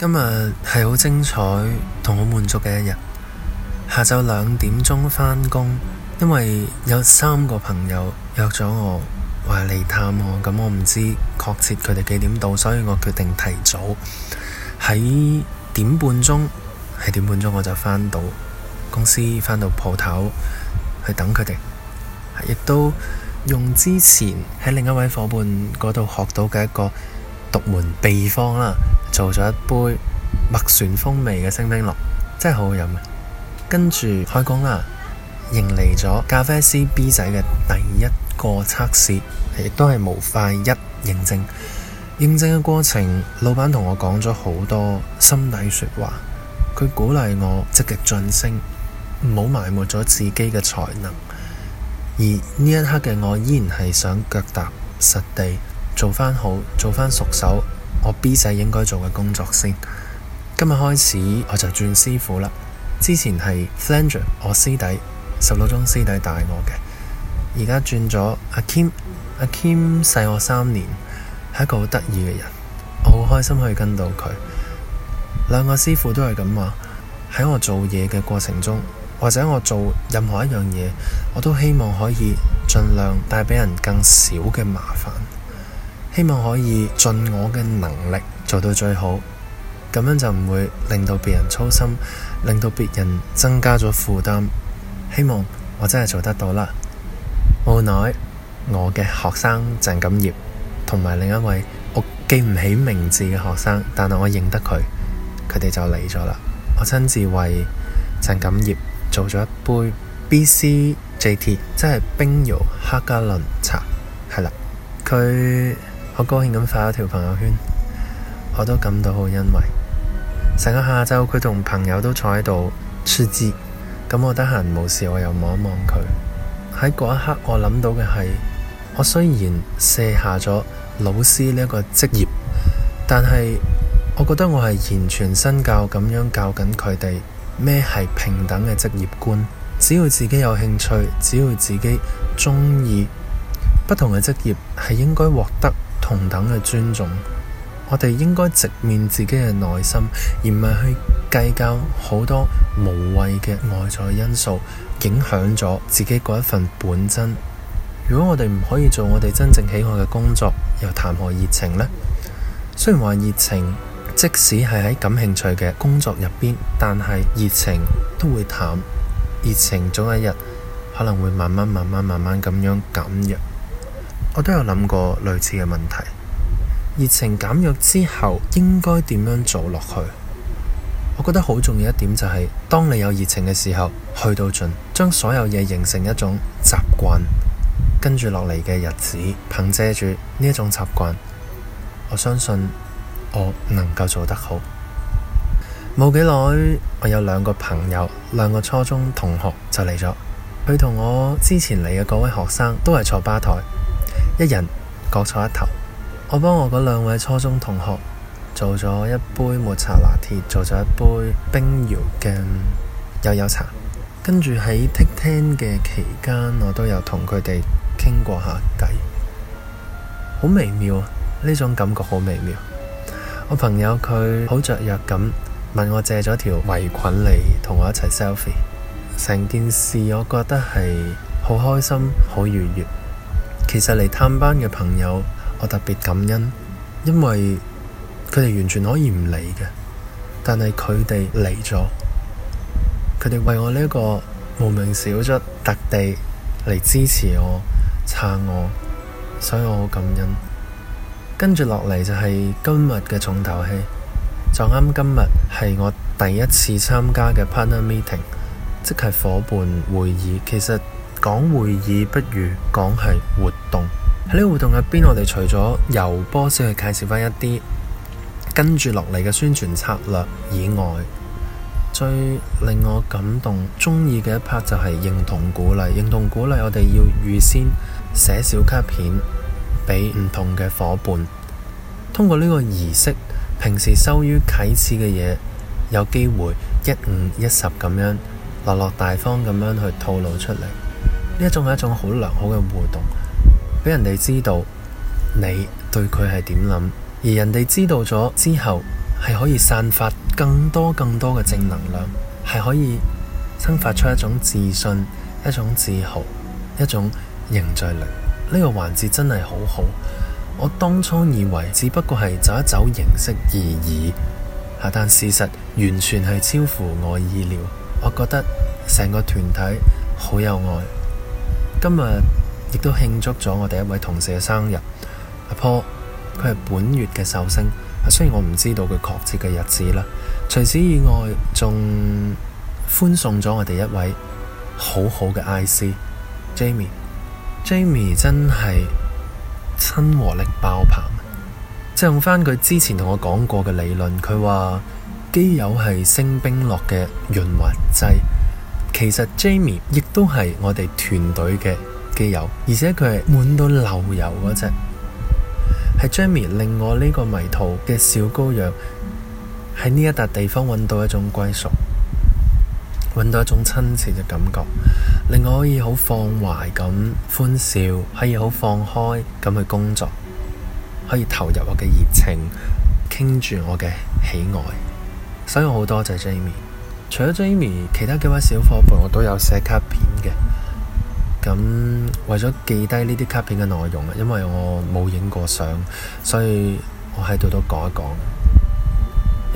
今日係好精彩同好滿足嘅一日。下晝兩點鐘返工，因為有三個朋友約咗我話嚟探我，咁、嗯、我唔知確切佢哋幾點到，所以我決定提早喺點半鐘，係點半鐘我就返到公司，返到鋪頭去等佢哋。亦都用之前喺另一位夥伴嗰度學到嘅一個獨門秘方啦。做咗一杯麥旋風味嘅星冰樂，真係好好飲啊。跟住開工啦，迎嚟咗咖啡師 B 仔嘅第一個測試，亦都係模塊一認證。認證嘅過程，老闆同我講咗好多心底說話，佢鼓勵我積極晉升，唔好埋沒咗自己嘅才能。而呢一刻嘅我，依然係想腳踏實地做翻好，做翻熟手。我 B 仔應該做嘅工作先，今日開始我就轉師傅啦。之前係 Flanger，我師弟，十六宗師弟帶我嘅，而家轉咗阿 Kim，阿 Kim 細我三年，係一個好得意嘅人，我好開心可以跟到佢。兩個師傅都係咁話，喺我做嘢嘅過程中，或者我做任何一樣嘢，我都希望可以盡量帶畀人更少嘅麻煩。希望可以盡我嘅能力做到最好，咁樣就唔會令到別人操心，令到別人增加咗負擔。希望我真係做得到啦。無奈我嘅學生鄭錦業同埋另一位我記唔起名字嘅學生，但係我認得佢，佢哋就嚟咗啦。我親自為鄭錦業做咗一杯 BCJT，即係冰搖黑加侖茶，係啦，佢。我高興咁發咗條朋友圈，我都感到好欣慰。成個下晝，佢同朋友都坐喺度，出資咁。我得閒冇事，我又望一望佢。喺嗰一刻，我諗到嘅係，我雖然卸下咗老師呢個職業，但係我覺得我係完全身教咁樣教緊佢哋咩係平等嘅職業觀。只要自己有興趣，只要自己中意，不同嘅職業係應該獲得。同等嘅尊重，我哋應該直面自己嘅內心，而唔係去計較好多無謂嘅外在因素影響咗自己嗰一份本真。如果我哋唔可以做我哋真正喜愛嘅工作，又談何熱情呢？雖然話熱情，即使係喺感興趣嘅工作入邊，但係熱情都會淡，熱情總有一日可能會慢慢、慢慢、慢慢咁樣減弱。我都有諗過類似嘅問題，熱情減弱之後應該點樣做落去？我覺得好重要一點就係，當你有熱情嘅時候，去到盡，將所有嘢形成一種習慣，跟住落嚟嘅日子，憑借住呢一種習慣，我相信我能夠做得好。冇幾耐，我有兩個朋友，兩個初中同學就嚟咗。佢同我之前嚟嘅嗰位學生都係坐吧台。一人各坐一頭，我幫我嗰兩位初中同學做咗一杯抹茶拿鐵，做咗一杯冰搖嘅柚柚茶，跟住喺 TikTok 嘅期間，我都有同佢哋傾過下偈，好微妙啊！呢種感覺好微妙。我朋友佢好雀躍咁問我借咗條圍裙嚟同我一齊 selfie，成件事我覺得係好開心，好愉悅。其實嚟探班嘅朋友，我特別感恩，因為佢哋完全可以唔嚟嘅，但係佢哋嚟咗，佢哋為我呢、這、一個無名小卒特地嚟支持我、撐我，我，所以我好感恩。跟住落嚟就係今日嘅重頭戲，就啱今日係我第一次參加嘅 partner meeting，即係伙伴會議。其實。講會議不如講係活動，喺呢個活動入邊，我哋除咗由波先去介紹翻一啲跟住落嚟嘅宣傳策略以外，最令我感動、中意嘅一 part 就係認同鼓勵。認同鼓勵，我哋要預先寫小卡片俾唔同嘅伙伴，通過呢個儀式，平時羞於啟齒嘅嘢，有機會一五一十咁樣落落大方咁樣去透露出嚟。呢種係一種好良好嘅互動，畀人哋知道你對佢係點諗，而人哋知道咗之後係可以散發更多更多嘅正能量，係可以生發出一種自信、一種自豪、一種凝聚力。呢個環節真係好好。我當初以為只不過係走一走形式而已，但事實完全係超乎我意料。我覺得成個團體好有愛。今日亦都慶祝咗我哋一位同事嘅生日，阿坡佢係本月嘅壽星，雖然我唔知道佢確切嘅日子啦。除此以外，仲歡送咗我哋一位好好嘅 IC，Jamie，Jamie 真係親和力爆棚。即用翻佢之前同我講過嘅理論，佢話基友係星冰樂嘅潤滑劑。其實 Jamie 亦都係我哋團隊嘅基友，而且佢係滿到流油嗰隻，係 Jamie 令我呢個迷途嘅小羔羊喺呢一笪地方揾到一種歸屬，揾到一種親切嘅感覺，令我可以好放懷咁歡笑，可以好放開咁去工作，可以投入我嘅熱情，傾住我嘅喜愛，所以我好多謝 Jamie。除咗 Jamie，其他幾位小伙伴，我都有寫卡片嘅。咁為咗記低呢啲卡片嘅內容啦，因為我冇影過相，所以我喺度都講一講。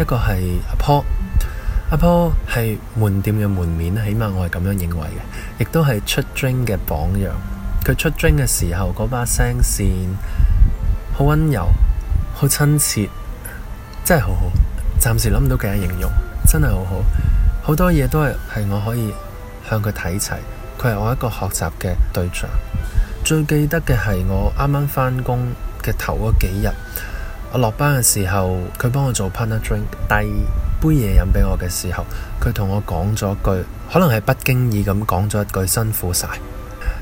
一個係阿坡，阿坡係門店嘅門面，起碼我係咁樣認為嘅，亦都係出樽嘅榜樣。佢出樽嘅時候嗰把聲線好温柔，好親切，真係好好。暫時諗唔到點樣形容，真係好好。好多嘢都係係我可以向佢睇齊，佢係我一個學習嘅對象。最記得嘅係我啱啱返工嘅頭嗰幾日，我落班嘅時候，佢幫我做 p a n a drink，遞杯嘢飲畀我嘅時候，佢同我講咗句，可能係不經意咁講咗一句辛苦晒，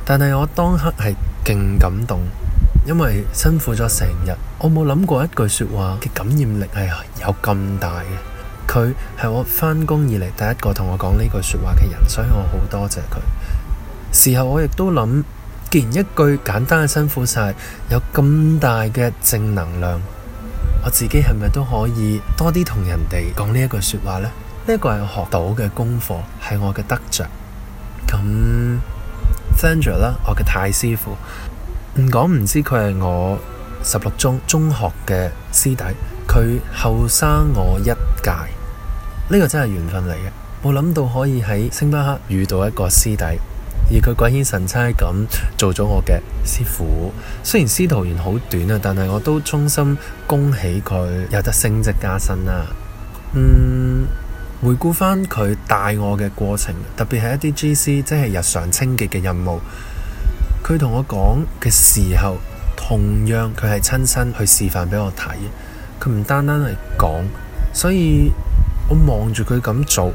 但係我當刻係勁感動，因為辛苦咗成日，我冇諗過一句說話嘅感染力係有咁大嘅。佢係我返工以嚟第一個同我講呢句説話嘅人，所以我好多謝佢。事後我亦都諗，既然一句簡單嘅辛苦晒有咁大嘅正能量，我自己係咪都可以多啲同人哋講呢一句説話呢？呢、呢個係學到嘅功課，係我嘅得着。咁，Sandra 啦，我嘅太師傅，唔講唔知佢係我十六中中學嘅師弟，佢後生我一屆。呢個真係緣分嚟嘅，冇諗到可以喺星巴克遇到一個師弟，而佢鬼使神差咁做咗我嘅師傅。雖然師徒緣好短啊，但係我都衷心恭喜佢有得升職加薪啦、啊。嗯，回顧返佢帶我嘅過程，特別係一啲 G C 即係日常清潔嘅任務，佢同我講嘅時候，同樣佢係親身去示範俾我睇，佢唔單單係講，所以。我望住佢咁做，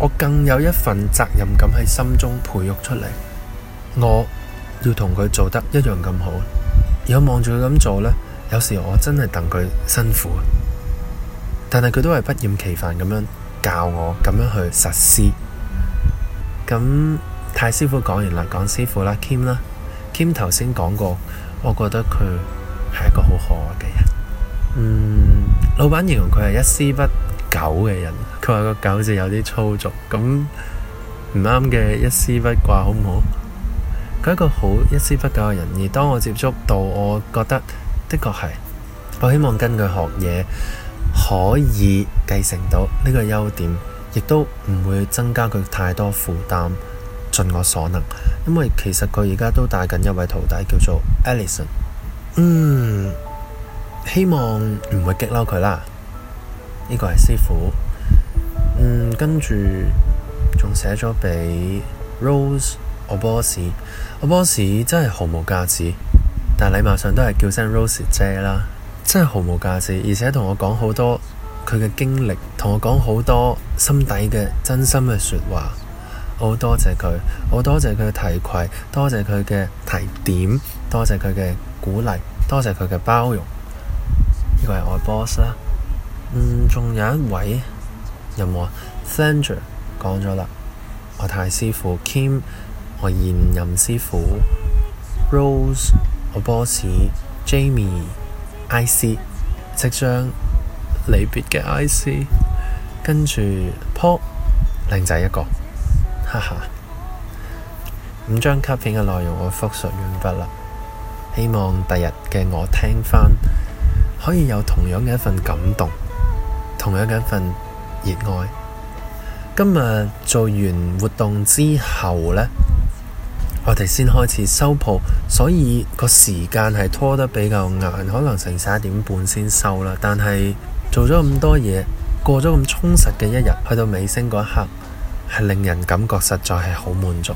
我更有一份責任感喺心中培育出嚟。我要同佢做得一樣咁好。有望住佢咁做呢，有時我真係戥佢辛苦，但係佢都係不厭其煩咁樣教我，咁樣去實施。咁太師傅講完啦，講師傅啦，Kim 啦，Kim 頭先講過，我覺得佢係一個好可愛嘅人。嗯，老闆形容佢係一絲不。狗嘅人，佢話個狗字有啲粗俗，咁唔啱嘅一絲不掛，好唔好？佢係一個好一絲不苟嘅人，而當我接觸到，我覺得的確係，我希望跟佢學嘢，可以繼承到呢個優點，亦都唔會增加佢太多負擔，盡我所能，因為其實佢而家都帶緊一位徒弟叫做 Alison。嗯，希望唔會激嬲佢啦。呢個係師傅，嗯，跟住仲寫咗畀 Rose，我 boss，我 boss 真係毫無架子，但係禮貌上都係叫聲 Rose 姐啦，真係毫無架子。而且同我講好多佢嘅經歷，同我講好多心底嘅真心嘅說話，好多謝佢，我多謝佢嘅提攜，多謝佢嘅提點，多謝佢嘅鼓勵，多謝佢嘅包容，呢、呢個係我 boss 啦。仲、嗯、有一位有冇啊 Sandra 講咗啦，我太師傅 Kim，我現任師傅 Rose，我波士 Jamie，I C 即將離別嘅 I C，跟住 Paul 靚仔一個，哈哈。五張卡片嘅內容我複述完畢啦，希望第日嘅我聽翻可以有同樣嘅一份感動。同樣一份熱愛。今日做完活動之後呢，我哋先開始收鋪，所以個時間係拖得比較晏，可能成十一點半先收啦。但係做咗咁多嘢，過咗咁充實嘅一日，去到尾聲嗰一刻係令人感覺實在係好滿足，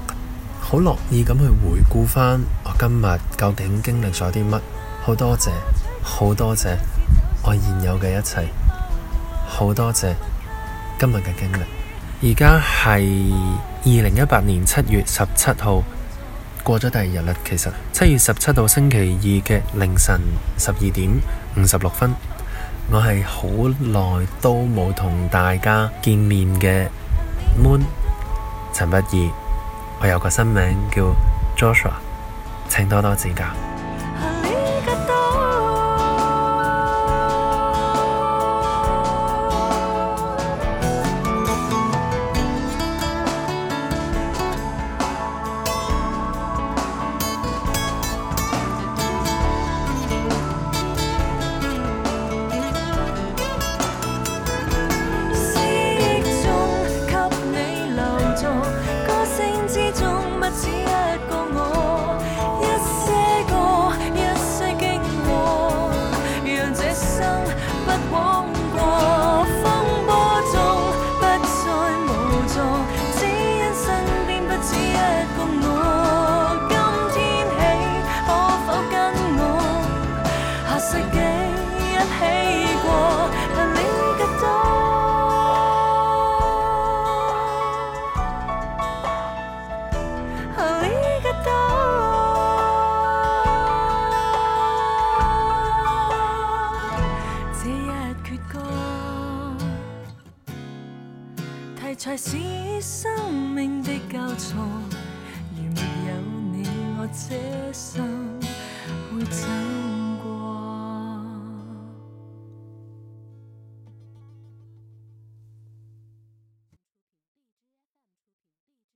好樂意咁去回顧翻我今日究竟經歷咗啲乜。好多謝，好多謝我現有嘅一切。好多謝今日嘅經歷，而家係二零一八年七月十七號，過咗第二日啦。其實七月十七號星期二嘅凌晨十二點五十六分，我係好耐都冇同大家見面嘅 Moon 陳柏儀，我有個新名叫 Joshua，請多多指教。世紀、啊啊啊、一起過，但你更多，但你更多。這一闕歌題材是生命的交錯，如沒有你，我這心會怎？